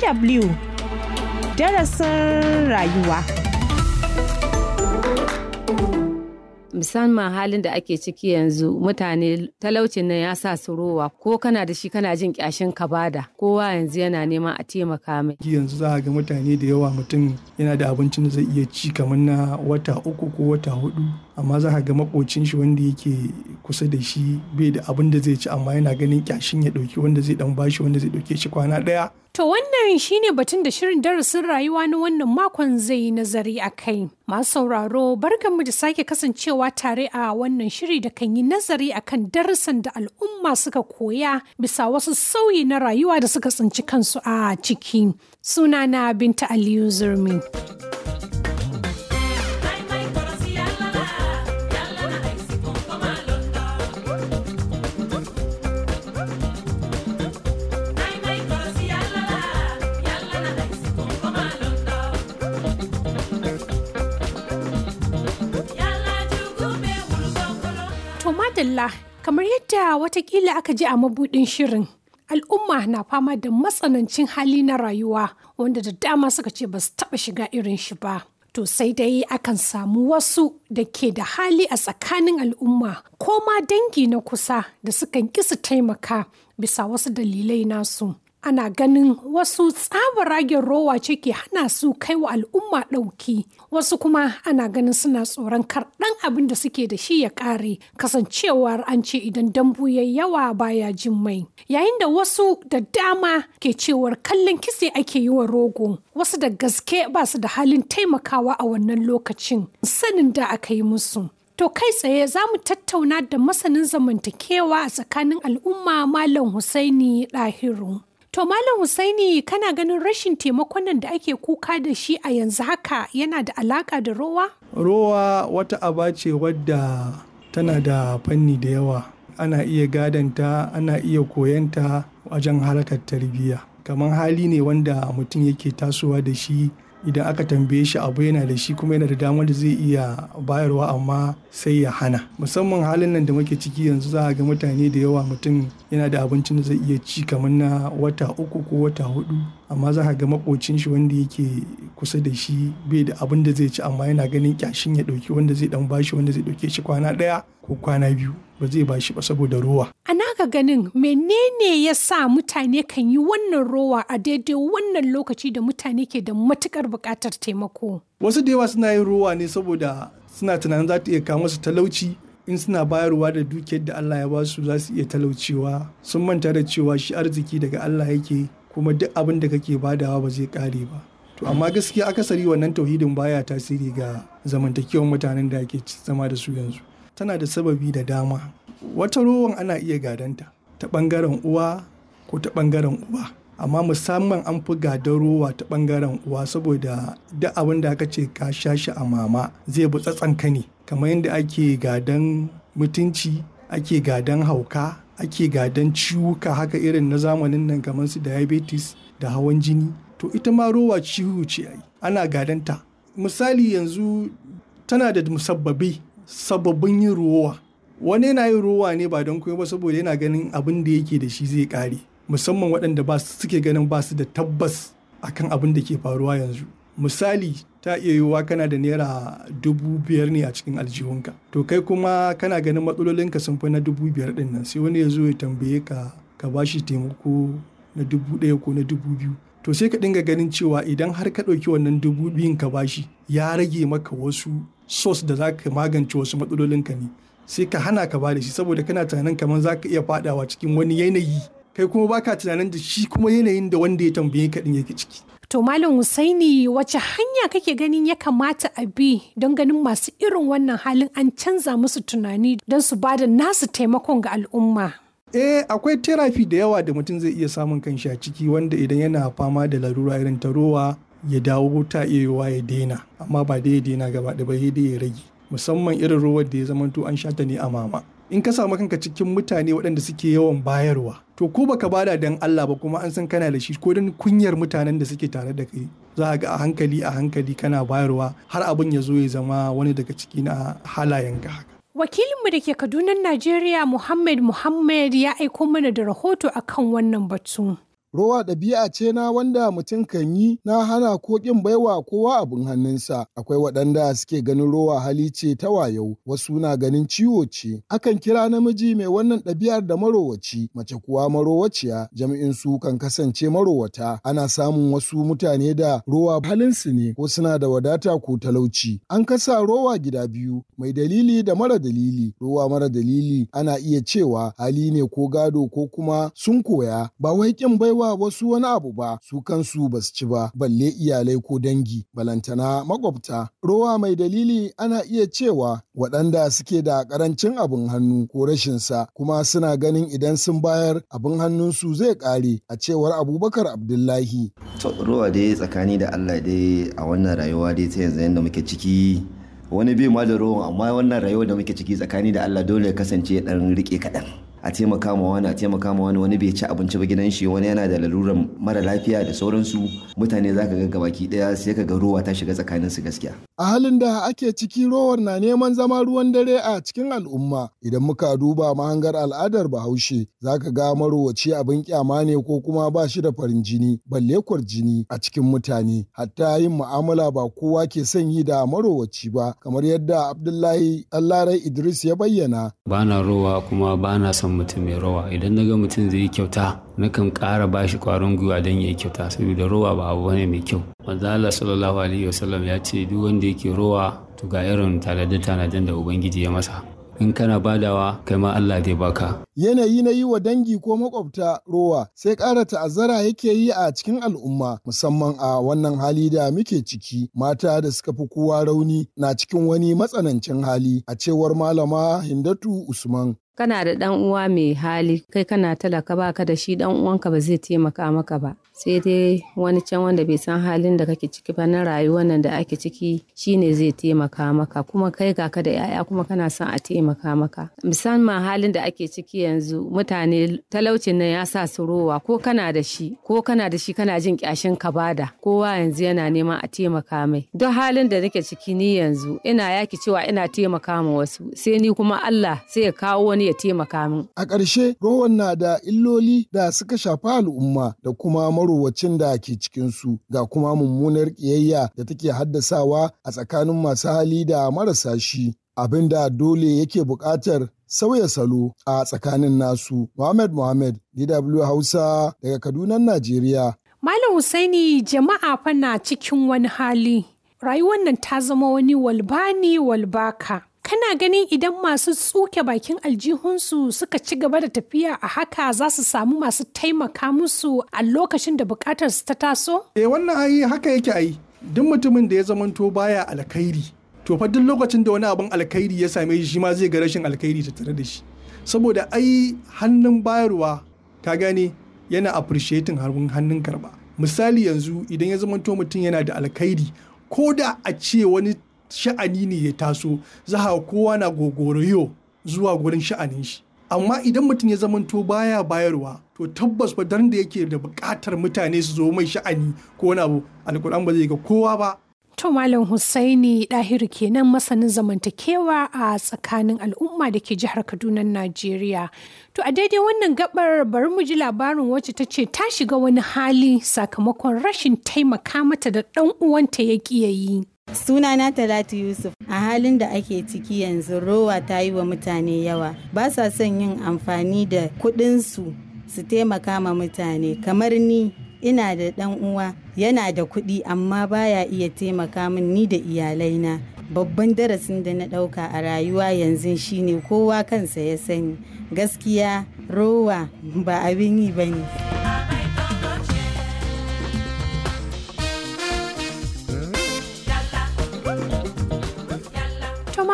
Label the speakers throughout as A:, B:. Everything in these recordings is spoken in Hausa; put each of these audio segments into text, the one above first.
A: DW darasin rayuwa. Musamman halin da ake ciki yanzu mutane talaucin nan ya sa su rowa ko kana da shi kana jin kyashin ka bada kowa yanzu yana neman a taimaka mai.
B: Yanzu za a ga mutane da yawa mutum yana da abincin da zai iya ci kamar na wata uku ko wata hudu amma za ka ga makocin shi wanda yake kusa da shi bai da abin da zai ci amma yana ganin kyashin ya ɗauki wanda zai ɗan bashi wanda zai dauke shi kwana ɗaya.
A: To wannan shine batun da shirin darasin rayuwa na wannan makon zai nazari a kai. Masu sauraro barkanmu da sake kasancewa tare a wannan shiri da kan yi nazari akan darasin da al'umma suka koya bisa wasu sauyi na rayuwa da suka tsinci kansu a ciki. Sunana Binta Aliyu Zurmi. Madalla, kamar yadda watakila aka ji a mabuɗin shirin, al'umma na fama da matsanancin hali na rayuwa wanda da dama suka ce ba su taɓa shiga irin shi ba. To sai dai akan samu wasu da ke da hali a tsakanin al'umma ko ma dangi na kusa da sukan kisa taimaka bisa wasu dalilai nasu. ana ganin wasu tsabar ragen rowa ce ke hana su kai wa al'umma ɗauki wasu kuma ana ganin suna tsoron karɗan abin da suke da shi ya ƙare kasancewar an ce idan dambu ya yawa baya jin mai yayin da wasu da dama ke cewar kallon kitse ake yi wa rogo wasu da gaske ba su da halin taimakawa a wannan lokacin sanin da aka yi musu To kai tsaye za mu tattauna da masanin zamantakewa a tsakanin al'umma Malam Husaini Ɗahiru. To Malam Hussaini, kana ganin rashin taimakon nan da ake kuka da shi a yanzu haka yana da alaka da rowa?
B: Rowa wata aba ce wadda tana da fanni da yawa. Ana iya gadanta, ana iya koyanta wajen harkar tarbiyya. Kamar hali ne wanda mutum yake tasowa da shi idan aka tambaye shi abu yana da shi kuma yana da damar da zai iya bayarwa amma sai ya hana musamman halin nan da muke ciki yanzu za a ga mutane da yawa mutum yana da abincin da zai iya ci kamar na wata uku ko wata hudu amma za ka ga makocin shi wanda yake kusa da shi bai da abin da zai ci amma yana ganin kyashin ya ɗauki wanda zai dan bashi wanda zai dauke shi kwana ɗaya ko kwana biyu ba zai bashi ba saboda rowa.
A: A naka ganin menene ya sa mutane kan yi wannan rowa a daidai wannan lokaci da mutane ke da matukar bukatar taimako.
B: Wasu da yawa suna yin rowa ne saboda suna tunanin za ta iya kawo musu talauci in suna bayarwa da dukiyar da Allah ya ba su za su iya talaucewa sun manta da cewa shi arziki daga Allah yake kuma duk abin da kake badawa ba zai kare ba to amma gaskiya akasari wannan tauhidin baya tasiri ga zamantakewar mutanen da ake zama da su yanzu tana da sababi da dama wata rowan ana iya gadanta ta bangaren uwa ko ta ɓangaren uba amma musamman an fi gadon rowa ta bangaren uwa saboda duk abin da aka ce ka sha shi a mama zai bi ka ne kamar yadda ake gadon mutunci ake gadon hauka ake gadon ciwuka haka irin na zamanin nan kamar su diabetes da hawan jini to ita ma rowa ciwo ce yi. ana gadanta misali yanzu tana da musabbabi sababbin yin rowa wani yana yin rowa ne ba don kuma ba saboda yana ganin abin da yake da shi zai kare musamman waɗanda ba suke ganin ba su da tabbas akan abin da ke faruwa yanzu misali ta iya yiwuwa kana da naira dubu biyar ne a cikin aljihunka to kai kuma kana ganin matsalolinka sun fi na dubu biyar ɗinnan, nan sai wani ya zo ya tambaye ka ka bashi taimako na dubu ɗaya ko na dubu biyu to sai ka dinga ganin cewa idan har ka ɗauki wannan dubu biyun ka bashi ya rage maka wasu sos da za ka magance wasu matsalolinka ne sai ka hana ka bada shi saboda kana tunanin kamar za ka iya fadawa cikin wani yanayi kai kuma baka tunanin da shi kuma yanayin da wanda ya tambaye ka din yake ciki
A: to malam husaini wace hanya kake ganin ya kamata a bi don ganin masu irin wannan halin an canza musu tunani don su bada nasu taimakon ga al'umma
B: eh akwai therapy da yawa da mutum zai iya samun kanshi a ciki wanda idan yana fama da larura irin ta rowa ya dawo ta iya ya daina amma ba dai ya daina gaba da ba dai ya rage musamman irin ruwan da ya zamanto an shata ne a mama in ka samu kanka cikin mutane waɗanda suke yawan bayarwa to ko baka bada dan Allah ba kuma an san kana da shi ko dan kunyar mutanen da suke tare da kai za ga a hankali a hankali kana bayarwa har abin ya zo ya zama wani daga ciki na halayen halayenka
A: Wakilinmu da ke Kaduna Najeriya Muhammad Muhammad ya aiko mana da rahoto akan wannan batu.
C: Rowa ɗabi'a ce na wanda mutum kan yi na hana ko ƙin baiwa kowa abin hannunsa. Akwai waɗanda suke ganin rowa hali ce ta wayo, wasu na ganin ciwo ce. Akan kira namiji mai wannan ɗabi'ar da marowaci, mace kuwa marowaciya, jami'in su kan kasance marowata. Ana samun wasu mutane da rowa halinsu ne ko suna da wadata ko talauci. An kasa rowa gida biyu, mai dalili da mara dalili. Rowa mara dalili ana iya cewa hali ne ko gado ko kuma sun koya, ba wai ƙin baiwa wa wasu wani abu ba su kansu ba su ci ba balle iyalai ko dangi balantana makwabta. Rowa mai dalili ana iya cewa waɗanda suke da ƙarancin abin hannu ko rashin sa kuma suna ganin idan sun bayar abin hannunsu zai ƙare a cewar Abubakar Abdullahi.
B: To rowa dai tsakani da Allah dai a wannan rayuwa dai ta yanzu yadda muke ciki wani bi ma da rowan amma wannan rayuwa da muke ciki tsakani da Allah dole ya kasance ɗan riƙe kaɗan. a taimaka ma wani a taimaka ma wani wani bai ci abinci ba gidan shi wani yana da laluran mara lafiya da sauransu mutane zaka ga gabaki daya sai ka ga ruwa ta shiga tsakanin su gaskiya
C: a halin da ake ciki rowar na neman zama ruwan dare a cikin al'umma idan muka duba mahangar al'adar bahaushe zaka ga marowaci abin kyama ne ko kuma ba shi da farin jini balle kwar jini a cikin mutane hatta yin mu'amala ba kowa ke son yi da marowaci ba kamar yadda abdullahi allarai idris ya bayyana bana rowa kuma bana son mutum mai rawa idan na ga mutum zai yi kyauta nakan kara ba shi ƙwarin gwiwa don ya yi kyauta saboda rawa ba abu ne mai kyau manzo Allah sallallahu alaihi wasallam ya ce duk wanda yake rawa to ga irin tanade tanaden da ubangiji ya masa in kana badawa kai ma Allah zai baka. Yanayi na yi wa dangi ko makwabta rowa sai ƙara ta'azzara yake yi a cikin al'umma musamman a wannan hali da muke ciki mata da suka fi kowa rauni na cikin wani matsanancin hali a cewar malama Hindatu Usman.
A: kana da ɗan uwa mai hali kai kana talaka baka da shi ɗan uwanka ba zai taimaka maka ba sai dai wani can wanda bai san halin da kake ciki ba na rayuwar nan da ake ciki shine zai taimaka maka kuma kai ga ka da yaya kuma kana son a taimaka maka musamman halin da ake ciki yanzu mutane talaucin nan ya sa su rowa ko kana da shi ko kana da shi kana jin kyashin ka bada kowa yanzu yana neman a taimaka mai duk halin da nake ciki ni yanzu ina yaki cewa ina taimaka ma wasu sai ni kuma Allah sai ya kawo wani ya taimaka min a
C: ƙarshe rowan na da illoli da suka shafa al'umma da kuma marowacin da ke cikinsu ga kuma mummunar ƙiyayya da take haddasawa a tsakanin masu hali da marasa shi abin da dole yake buƙatar sauya salo a tsakanin nasu. Muhammad Muhammad, DW Hausa daga Kaduna, Najeriya.
A: Malam Hussaini jama'a fa na cikin wani hali. Rayuwar nan ta zama wani walbani walbaka. Kana ganin idan masu tsuke bakin aljihunsu suka ci gaba da tafiya a haka za su samu masu taimaka musu a lokacin da bukatar su ta taso?
B: Eh wannan ayi haka yake ayi, Duk mutumin da ya zamanto baya alkhairi. To fa duk lokacin da wani abin alkhairi ya same shi ma zai ga rashin alkhairi tattare da shi. Saboda ai hannun bayarwa ka gane yana appreciating harbin hannun karba. Misali yanzu idan ya zamanto mutum yana da alkhairi ko da a ce wani sha'ani ne ya taso za a kowa na gogoroyo zuwa gurin sha'anin shi amma idan mutum ya zamanto baya bayarwa to tabbas ba da yake da buƙatar mutane su zo mai sha'ani ko wani abu alkur'an ba zai ga kowa ba
A: To Malam Hussaini Dahiru kenan masanin zamantakewa a tsakanin al'umma da ke jihar Kaduna Najeriya. To a daidai wannan gabar bari mu ji labarin wacce ta ce ta shiga wani hali sakamakon rashin taimaka mata da dan uwanta ya ƙiyayi Sunana Talatu Yusuf
B: a halin da ake ciki yanzu rowa ta yi wa mutane yawa ba sa son yin amfani da kuɗinsu su taimaka ma mutane kamar ni ina da ɗan uwa yana da kuɗi amma baya iya taimaka min ni da iyalaina babban darasin da na ɗauka a rayuwa yanzu shine kowa kansa ya sani gaskiya rowa ba abin yi ba ne.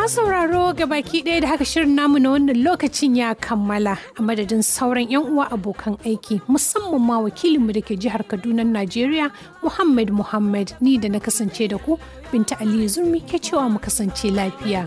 A: Masu sauraro ga baki ɗaya da haka shirin namu na wannan lokacin ya kammala a madadin sauran 'yan uwa abokan aiki musamman ma wakilinmu da ke jihar Kaduna Najeriya Muhammad Muhammad ni da na kasance da ku Binta Aliyu Zurmi ke cewa mu kasance lafiya.